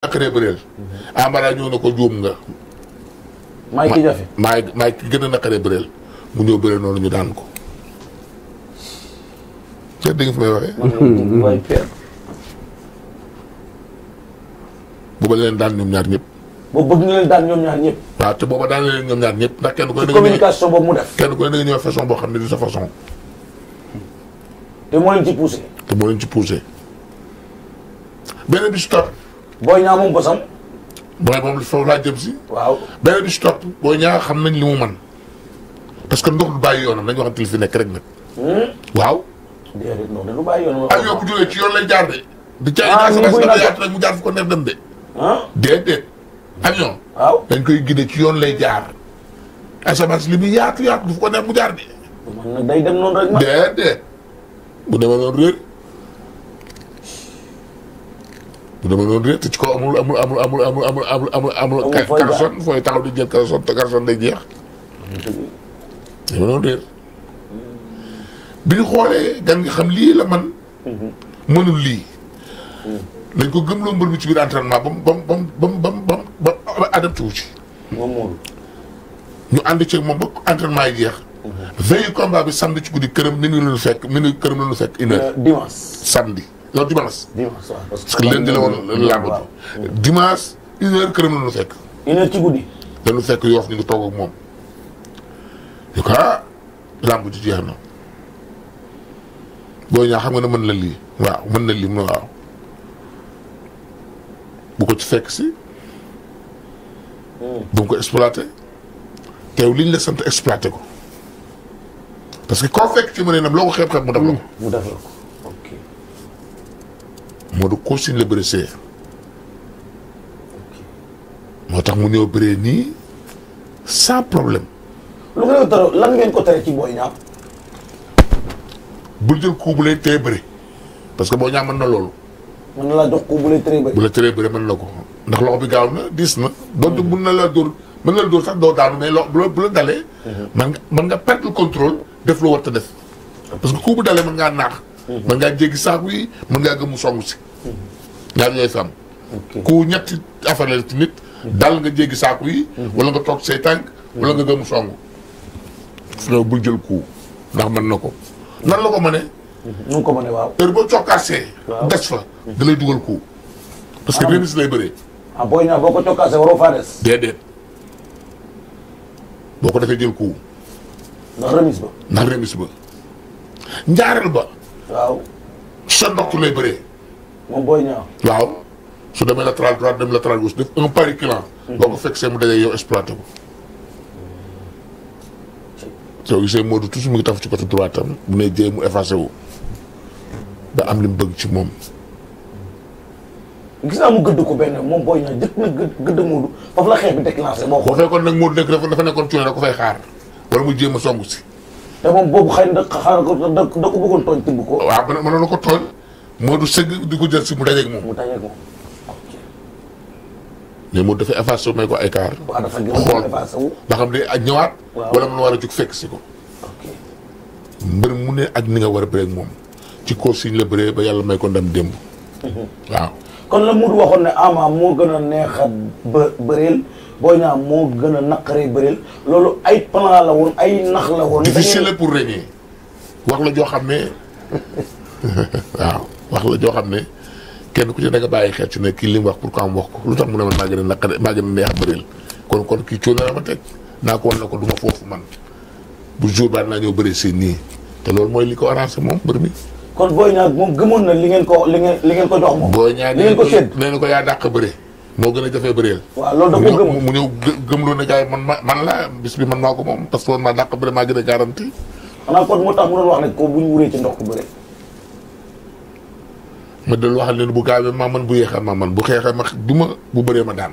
naqaree bëreel. Mhm. Amara ñëw na ko juum nga. maay ki jafe maay maay ki gën a naqaree bëreel mu ñëw bëreel noonu ñu daan ko. te dégg nga fi may waxee. booba leen daan ñoom ñaar ñëpp. boobu bëgg nga leen daan ñoom ñaar ñëpp. waaw te booba daan leen ñoom ñaar ñëpp ndax kenn ku ne. communication boobu mu def. kenn ku ne da nga ñëw façon boo xam ne du sa façon. te moo leen ci poussé. te moo leen ci poussé. beneen bi si topp booy ñaa moom bosam. booy moom foofu laa jëm si. waaw beneen bi si booy ñaa xam nañ li mu man parce que ndox du bàyyi yoonam nañ waxante li fi nekk rek nag. Hmm? waaw. déedéet non de du bàyyi yoonam. ci yoon lay jaar de. di caa ah, yi mu jaar ko neex dem de. Ah? dañ koy gide ci yoon lay jaar. asamaan si li muy yaatu yaatu du fu ko neex mu jaar de. man nag day dem ma. déedéet bu demee bu dama doon réer te ci kaw amul amul amul amul amul amul amul amul amul amul karason fooy taxaw di jël karason te karason day jeex dama doon réer bi ñu xoolee gan nga xam lii la man mënul lii lañ ko gëmloo mbër mi ci biir entraînement bam bam bam bam bam bam ba adapté wu ci ñu ànd ceeg moom ba entraînement yi jeex mhm. veille combat bi samedi ci guddi këram minuit la ñu fekk minuit këram la ñu fekk une heure euh, dimanche samedi non dimanche. dimanche waaw parce que leen di la woon làmb ji dimanche une heure këram la ñu fekk. une heure ci guddi. dañu fekk yoo xam ne ñu toog ak moom. en tout cas ah, làmb ji jeex na booy ñaa xam nga ne mën na lii waaw mën na lii mu waaw bu ko ci fekk si. Hmm. bu ko exploité. teew liñ la sant exploité ko. parce que koo fekk ci mu ne nag loo ko mu def la ko. Hmm, mu def la ko. modu du consigne le bëre motax mu ñëw bëree ni sans problème. lu ko dara lan ngeen ko tere ci Boy ñap bu jël ko bu lay té bëri parce que bo ñam mën na lolu man la dox ko bu lay tëree bëri. bu lay tëree bëri man lako ndax loxo bi gaaw na dis na. do donc mën na la dur mën na la dur sax do daanu mais lo bu la dalé la mhm. man nga perdre le contrôle def lu war a def. parce que ko bu dalé man nga nax mhm. man nga jéggi sax wi man nga gëmu songu si. ñaar yooyu fi am. ku ñetti affaire la nit. dal nga jéggi saaku yi. Mhm. wala nga toog say tànk. wala nga gëm song. su bul jël ku ndax man na ko. nan la ko mënee. Mhm. nu ko mënee waaw. heure boo cokkaasee. waaw des fa. da lay dugal ku. parce que ah. remise lay bëree. ah boo ko cokkaasee waroo faa des. déedéet boo ko defee jël ku. ndax remise ba. ndax ba. sa ndox lay bëree. moom booy ñaaw. waaw su demee latéral droite dem latéral gauche def un pari client. Mhm. boo ko fekk seen mu dajee yow exploité ko. Mm. soo gisee Modou toujours mu ngi taf ci côté droite am mu ne jéem mu effacé wu ba am li mu bëgg ci moom. gis naa mu gëdd ko benn moom booy ñaaw jëkk na gëdd Modou foofu la xeex bi déclenché boo ko. boo fekkoon nag Modou nekk dafa nekkoon coono da ko fay xaar wala mu moo du sëgg di ko jël si mu dajeeg moom. mu dajeeg moom. mais Modou may ko ay kaar. xool ba xam ne ak ñëwaat. wala mu war a jug fekk si ko. mbër mu ne ak ni nga war a bëree moom ci consigne la bëree ba yàlla may ko ndam démb. Mhm. waaw. kon la Modou waxoon ne Ama moo gën a neex a bë bëreel Boy Niang moo gën a naqaree bëreel loolu ay plan woon ay nax la woon. difficile pour régner wax la joo xam ne waaw. wax la joo xam ne kenn ku ci nekk bàyyi xel ci ne kii li mu wax pourquoi mu wax ko lu tax mu ne man maa gën a naqare maa gën a neex bëreel kon kon na ko du ma foofu man bu jour baa si nii te loolu mooy li ko arrangé moom mbër moom gëmoon na ko li ngeen li ngeen ko jox moom. Boy Niang ko sédd nee na moo gën a jafee bëreel. waaw mu ñëw na gars man ma man la bis bi man maa ko moom parce que man maa dàq bëri maa gën a garanti. xanaa kon moo tax mu doon wax ne ko bu ñu wuree ci ndox ko bëri. ma dellu waxal leen bu gaawee ma man bu yéexee ma man bu xeexee ma duma bu bëree ma daan.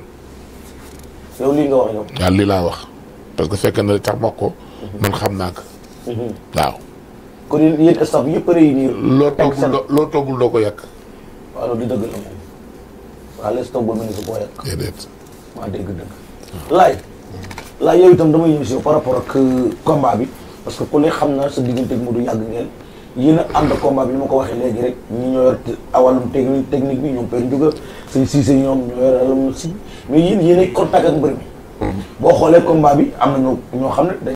yow lii nga wax yow. waaw lii laa wax parce que fekk na tax ma ko. Mhm. man xam naa ko. Mhm. waaw. kon yéen staff yëpp a réunir. loo toggul doo loo toggul doo ko yàq. waaw loolu dëgg la moom. waaw les toggul mel ni su koo yàq. maa dégg dëgg. laay laay yow itam damay ñëw si par rapport ak komba euh, bi parce que ku ne xam na sa diggante ak Modou yàgg ngeen. yéen a ànd combat bi ni ma ko waxee léegi rek ñi ñoo yor awalum technique technique bi ñoom Père Ndiouga seen Cissé ñoom ñoo yor alum si mais yéen yéen a contact ak mbër mi. Mm-hmm. boo xoolee combat bi am na ñoo ñoo xam ne